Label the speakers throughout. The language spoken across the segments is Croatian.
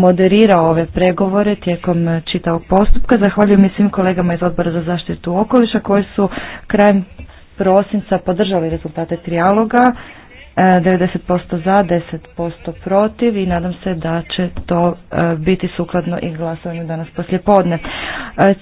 Speaker 1: moderirao ove pregovore tijekom eh, čitavog postupka. Zahvaljujem i svim kolegama iz odbora za zaštitu okoliša koji su krajem prosinca podržali rezultate trijaloga 90% e, za, 10% protiv i nadam se da će to e, biti sukladno i glasovanju danas poslijepodne. E,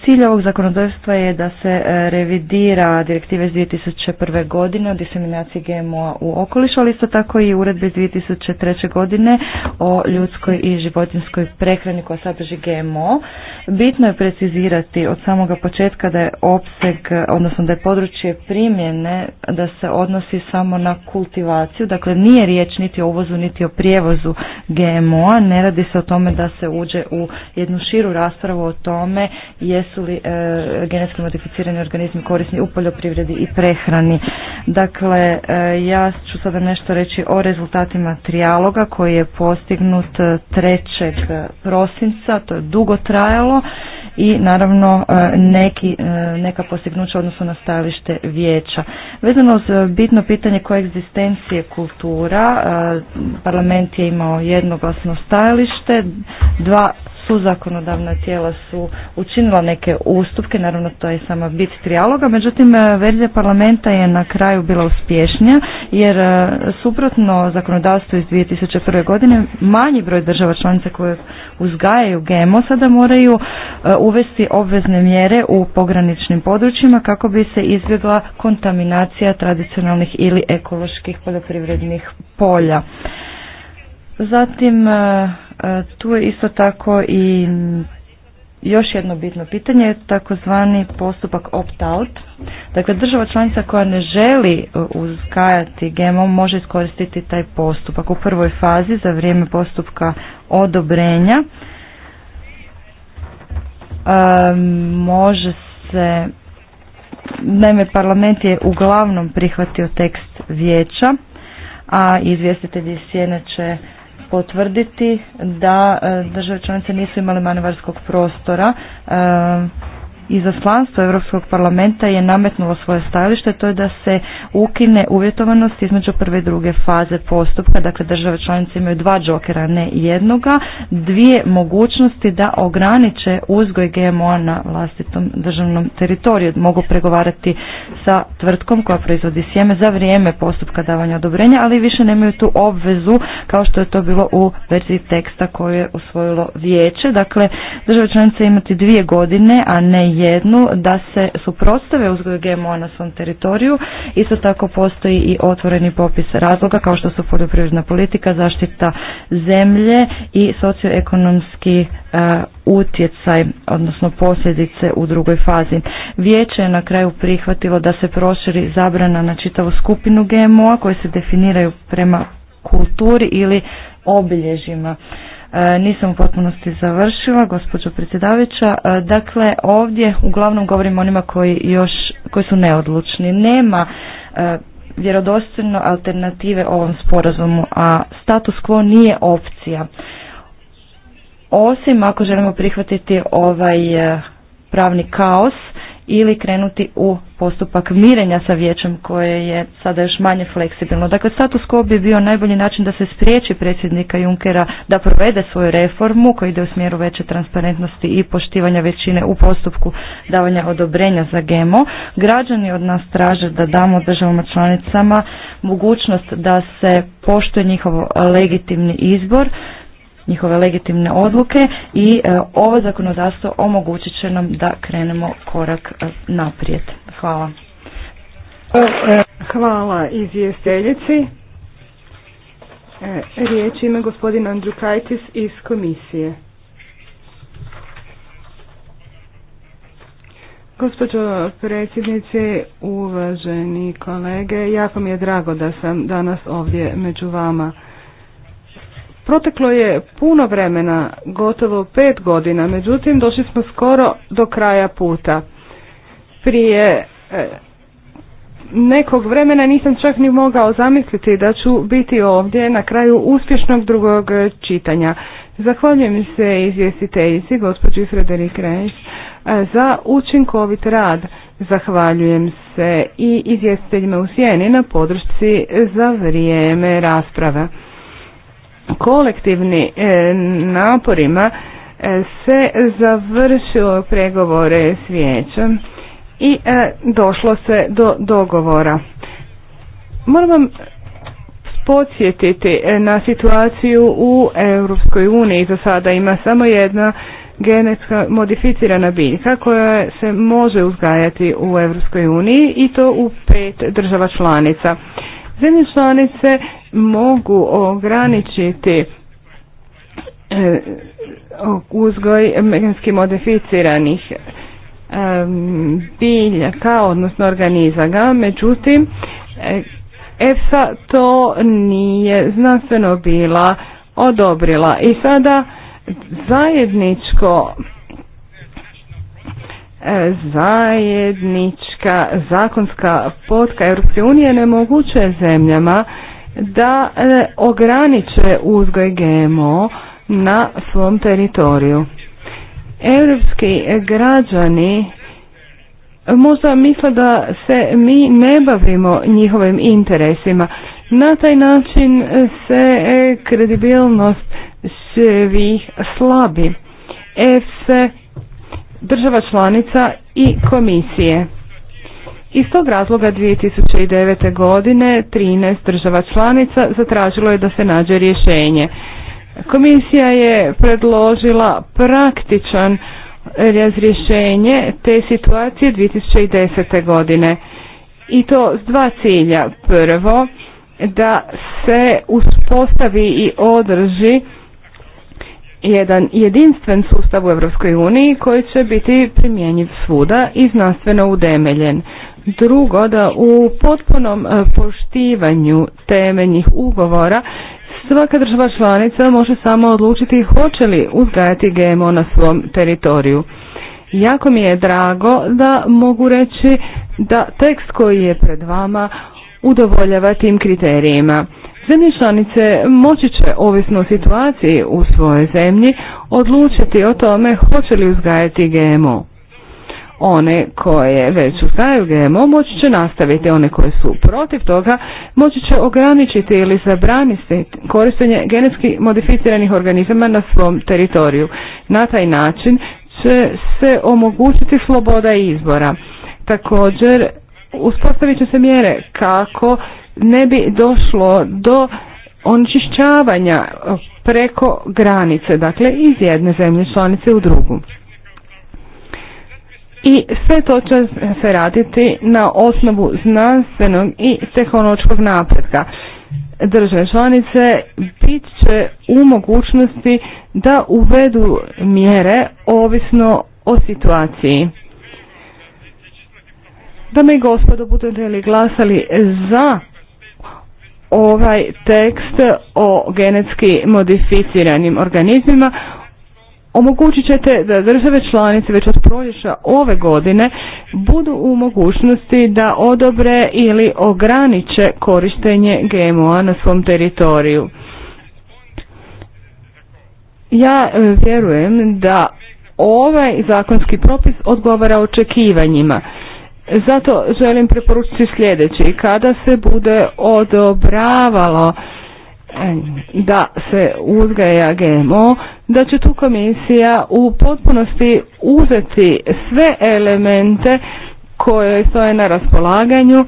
Speaker 1: cilj ovog zakonodavstva je da se revidira direktive iz 2001. godine o diseminaciji GMO u okolišu, ali isto tako i uredbe iz 2003. godine o ljudskoj i životinskoj prehrani koja sadrži GMO. Bitno je precizirati od samoga početka da je opseg, odnosno da je područje primjene da se odnosi samo na kultivaciju dakle nije riječ niti o uvozu niti o prijevozu GMO-a, ne radi se o tome da se uđe u jednu širu raspravu o tome jesu li e, genetski modificirani organizmi korisni u poljoprivredi i prehrani. Dakle, e, ja ću sada nešto reći o rezultatima trijaloga koji je postignut 3. E, prosinca, to je dugo trajalo i naravno e, neki, e, neka postignuća odnosno na stajalište vijeća. Vezano uz e, bitno pitanje koegzistencije kultura, parlament je imao jednoglasno stajalište, dva su zakonodavna tijela su učinila neke ustupke, naravno to je sama bit trijaloga, međutim e, verzija parlamenta je na kraju bila uspješnija jer e, suprotno zakonodavstvu iz 2001. godine manji broj država članica koje uzgajaju GMO sada moraju e, uvesti obvezne mjere u pograničnim područjima kako bi se izbjegla kontaminacija tradicionalnih ili ekoloških poljoprivrednih polja. Zatim, e, e, tu je isto tako i još jedno bitno pitanje takozvani postupak opt-out. Dakle, država članica koja ne želi e, uzgajati GMO može iskoristiti taj postupak u prvoj fazi za vrijeme postupka odobrenja. može se, naime parlament je uglavnom prihvatio tekst vijeća, a izvjestitelji sjene će potvrditi da e, države članice nisu imale manevarskog prostora e, izaslanstvo Europskog parlamenta je nametnulo svoje stajalište, to je da se ukine uvjetovanost između prve i druge faze postupka, dakle države članice imaju dva džokera, ne jednoga, dvije mogućnosti da ograniče uzgoj GMO-a na vlastitom državnom teritoriju. Mogu pregovarati sa tvrtkom koja proizvodi sjeme za vrijeme postupka davanja odobrenja, ali više nemaju tu obvezu kao što je to bilo u verziji teksta koju je usvojilo vijeće. Dakle, države članice imati dvije godine, a ne jednu da se suprotstave uzgoju GMO na svom teritoriju. Isto tako postoji i otvoreni popis razloga kao što su poljoprivredna politika, zaštita zemlje i socioekonomski e, utjecaj, odnosno posljedice u drugoj fazi. Vijeće je na kraju prihvatilo da se proširi zabrana na čitavu skupinu GMO-a koje se definiraju prema kulturi ili obilježjima. E, nisam u potpunosti završila, gospođo predsjedavajuća. E, dakle, ovdje uglavnom govorim onima koji još, koji su neodlučni. Nema e, vjerodostojno alternative ovom sporazumu, a status quo nije opcija. Osim ako želimo prihvatiti ovaj pravni kaos, ili krenuti u postupak mirenja sa vijećem koje je sada još manje fleksibilno. Dakle, status quo bi bio najbolji način da se spriječi predsjednika Junkera da provede svoju reformu koja ide u smjeru veće transparentnosti i poštivanja većine u postupku davanja odobrenja za GMO. Građani od nas traže da damo državama članicama mogućnost da se poštuje njihov legitimni izbor njihove legitimne odluke i e, ovo zakonodavstvo omogućit će nam da krenemo korak e, naprijed. Hvala. Hvala
Speaker 2: izvjestiteljici. E, riječ ima gospodin Andrukaitis iz komisije. Gospođo predsjednice, uvaženi kolege, jako mi je drago da sam danas ovdje među vama. Proteklo je puno vremena, gotovo pet godina, međutim došli smo skoro do kraja puta. Prije e, nekog vremena nisam čak ni mogao zamisliti da ću biti ovdje na kraju uspješnog drugog čitanja. Zahvaljujem se izvjestiteljici gospođi Frederik Reš e, za učinkovit rad. Zahvaljujem se i izvjestiteljima u Sjeni na podršci za vrijeme rasprave kolektivni e, naporima e, se završilo pregovore s vijećem i e, došlo se do dogovora. Moram vam podsjetiti na situaciju u Europskoj uniji. Za sada ima samo jedna genetska modificirana biljka koja se može uzgajati u Europskoj uniji i to u pet država članica. Zemlje članice mogu ograničiti e, uzgoj genetski modificiranih biljaka, odnosno organizaga. Međutim, e, EFSA to nije znanstveno bila odobrila i sada zajedničko e, zajednička zakonska potka Europske unije ne moguće zemljama da e, ograniče uzgoj GMO na svom teritoriju. Europski građani možda misle da se mi ne bavimo njihovim interesima. Na taj način se e, kredibilnost svih slabi. EFSE, država članica i komisije. Iz tog razloga 2009. godine 13 država članica zatražilo je da se nađe rješenje. Komisija je predložila praktičan razrješenje te situacije 2010. godine i to s dva cilja. Prvo, da se uspostavi i održi jedan jedinstven sustav u EU koji će biti primjenjiv svuda i znanstveno udemeljen. Drugo, da u potpunom e, poštivanju temeljnih ugovora svaka država članica može samo odlučiti hoće li uzgajati GMO na svom teritoriju. Jako mi je drago da mogu reći da tekst koji je pred vama udovoljava tim kriterijima. Zemlje članice moći će ovisno o situaciji u svojoj zemlji odlučiti o tome hoće li uzgajati GMO. One koje već ustaju GMO moći će nastaviti, one koje su protiv toga moći će ograničiti ili zabraniti korištenje genetski modificiranih organizama na svom teritoriju. Na taj način će se omogućiti sloboda izbora. Također, uspostavit će se mjere kako ne bi došlo do onečišćavanja preko granice, dakle iz jedne zemlje članice u drugu i sve to će se raditi na osnovu znanstvenog i tehnološkog napretka. Države članice bit će u mogućnosti da uvedu mjere ovisno o situaciji. Dame i gospodo, budete li glasali za ovaj tekst o genetski modificiranim organizmima, omogućit ćete da države članice već od proljeća ove godine budu u mogućnosti da odobre ili ograniče korištenje GMO-a na svom teritoriju. Ja e, vjerujem da ovaj zakonski propis odgovara očekivanjima. Zato želim preporučiti sljedeći. Kada se bude odobravalo da se uzgaja GMO, da će tu komisija u potpunosti uzeti sve elemente koje stoje na raspolaganju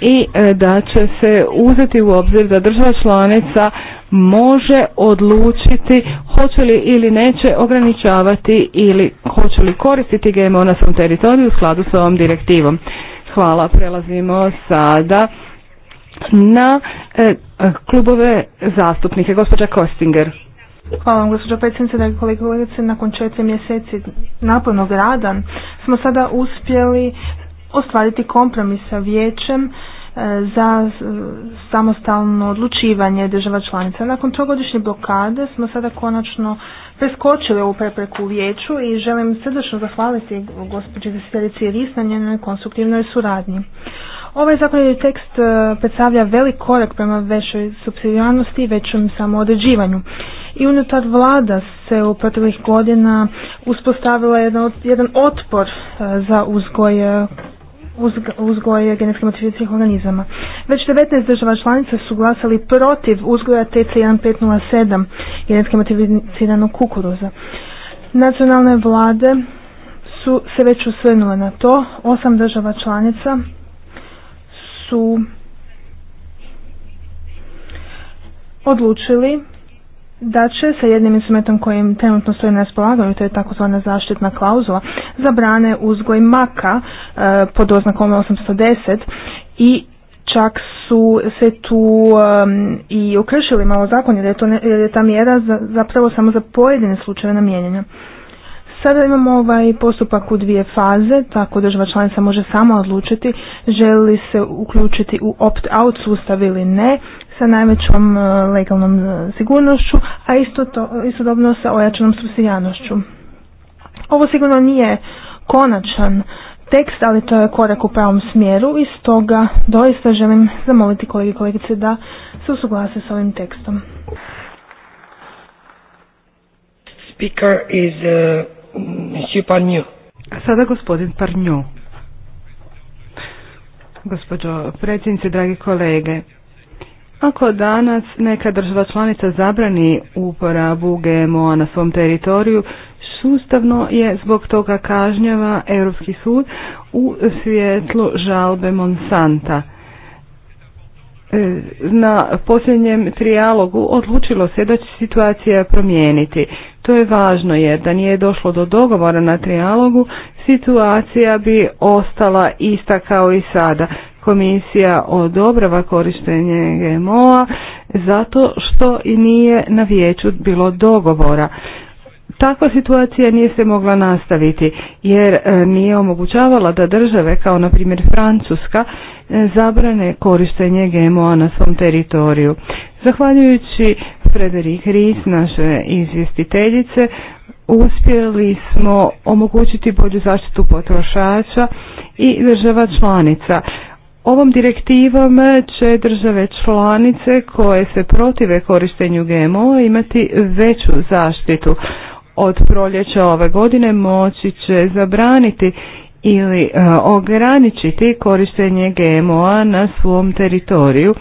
Speaker 2: i e, da će se uzeti u obzir da država članica može odlučiti hoće li ili neće ograničavati ili hoće li koristiti GMO na svom teritoriju u skladu s ovom direktivom. Hvala, prelazimo sada na e, e, klubove zastupnike. Gospođa Kostinger.
Speaker 3: Hvala vam gospođo predsjednice, dragi kolege kolegice. Nakon četiri mjeseci napornog rada smo sada uspjeli ostvariti kompromis sa vijećem e, za samostalno odlučivanje država članica. Nakon trogodišnje blokade smo sada konačno preskočili ovu prepreku u vijeću i želim srdečno zahvaliti gospođi Vesperici Ris na njenoj konstruktivnoj suradnji. Ovaj zakonodavni tekst e, predstavlja velik korak prema većoj subsidijarnosti i većem samoodređivanju. I unutar vlada se u proteklih godina uspostavila jedan, otpor e, za uzgoj e, uzgoj genetski organizama. Već 19 država članica su glasali protiv uzgoja TC1507 genetski modificiranog kukuruza. Nacionalne vlade su se već usvrnule na to. Osam država članica su odlučili da će sa jednim instrumentom kojim trenutno stoji na raspolaganju, to je takozvana zaštitna klauzula, zabrane uzgoj maka e, pod oznakom 810 i čak su se tu i okršili malo zakon jer je, to je ta mjera zapravo samo za pojedine slučajeve namijenjena. Sada imamo ovaj postupak u dvije faze, tako država članica može samo odlučiti želi se uključiti u opt-out sustav ili ne sa najvećom eh, legalnom eh, sigurnošću, a isto to, istodobno sa ojačanom subsidijanošću. Ovo sigurno nije konačan tekst, ali to je korak u pravom smjeru i stoga doista želim zamoliti kolege i kolegice da se usuglase s ovim tekstom.
Speaker 2: Speaker is eh, Monsieur Parnio. sada gospodin Parnjo. Gospođo predsjednice, dragi kolege, ako danas neka država članica zabrani uporabu GMO-a na svom teritoriju, sustavno je zbog toga kažnjava Europski sud u svjetlu žalbe Monsanta. E, na posljednjem trijalogu odlučilo se da će situacija promijeniti. To je važno jer da nije došlo do dogovora na trialogu, situacija bi ostala ista kao i sada. Komisija odobrava korištenje GMO-a zato što i nije na vijeću bilo dogovora. Takva situacija nije se mogla nastaviti jer e, nije omogućavala da države kao na primjer Francuska e, zabrane korištenje GMO-a na svom teritoriju. Zahvaljujući Frederik Ries, naše izvjestiteljice, uspjeli smo omogućiti bolju zaštitu potrošača i država članica. Ovom direktivom će države članice koje se protive korištenju GMO imati veću zaštitu. Od proljeća ove godine moći će zabraniti ili e, ograničiti korištenje GMO-a na svom teritoriju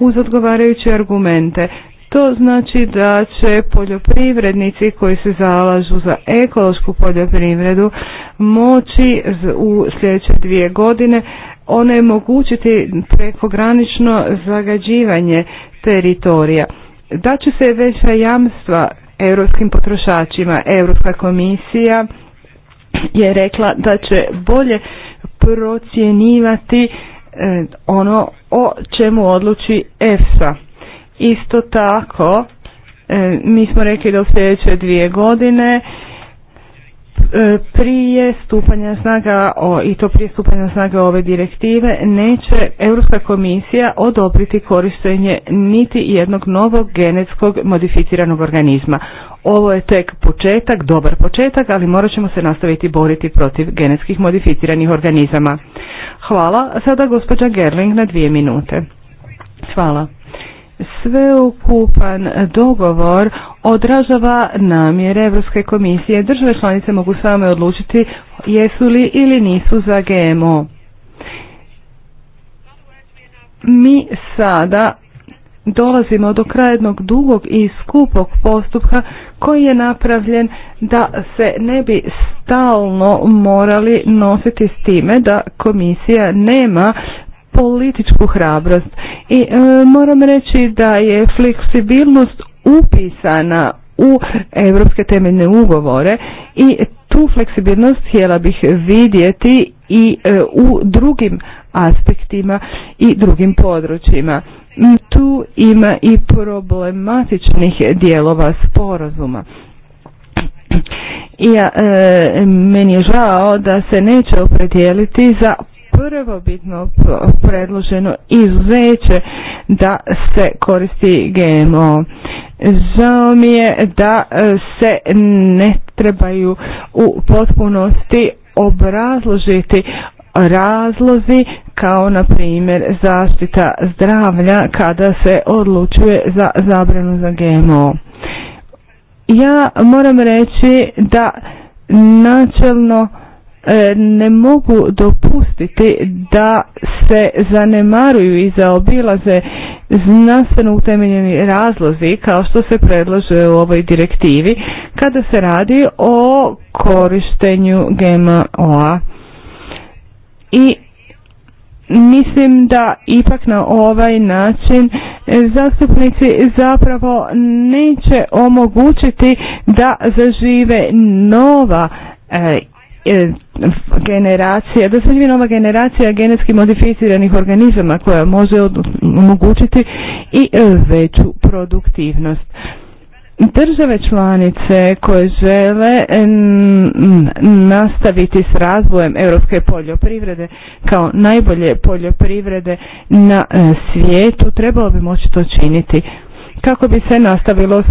Speaker 2: uz odgovarajuće argumente. To znači da će poljoprivrednici koji se zalažu za ekološku poljoprivredu moći u sljedeće dvije godine onemogućiti prekogranično zagađivanje teritorija. Da će se veća jamstva europskim potrošačima. Europska komisija je rekla da će bolje procjenivati E, ono o čemu odluči EFSA. Isto tako, e, mi smo rekli da u sljedeće dvije godine e, prije stupanja snaga i to prije stupanja snaga ove direktive neće Europska komisija odobriti korištenje niti jednog novog genetskog modificiranog organizma. Ovo je tek početak, dobar početak, ali morat ćemo se nastaviti boriti protiv genetskih modificiranih organizama. Hvala. Sada gospođa Gerling na dvije minute. Hvala. Sveukupan dogovor odražava namjere Europske komisije. Države članice mogu same odlučiti jesu li ili nisu za GMO. Mi sada dolazimo do kraja jednog dugog i skupog postupka koji je napravljen da se ne bi stalno morali nositi s time da komisija nema političku hrabrost. I e, moram reći da je fleksibilnost upisana u europske temeljne ugovore i tu fleksibilnost htjela bih vidjeti i e, u drugim aspektima i drugim područjima. Mm, tu ima i problematičnih dijelova sporazuma. ja, e, meni je žao da se neće opredijeliti za prvobitno predloženo izveće da se koristi GMO. Žao mi je da e, se ne trebaju u potpunosti obrazložiti razlozi kao na primjer zaštita zdravlja kada se odlučuje za zabranu za GMO. Ja moram reći da načelno e, ne mogu dopustiti da se zanemaruju i zaobilaze znanstveno utemeljeni razlozi kao što se predlaže u ovoj direktivi kada se radi o korištenju GMO-a i mislim da ipak na ovaj način e, zastupnici zapravo neće omogućiti da zažive nova e, e, generacija, da se nova generacija genetski modificiranih organizama koja može omogućiti i veću produktivnost. Države članice koje žele nastaviti s razvojem europske poljoprivrede kao najbolje poljoprivrede na e, svijetu trebalo bi moći to činiti kako bi se nastavilo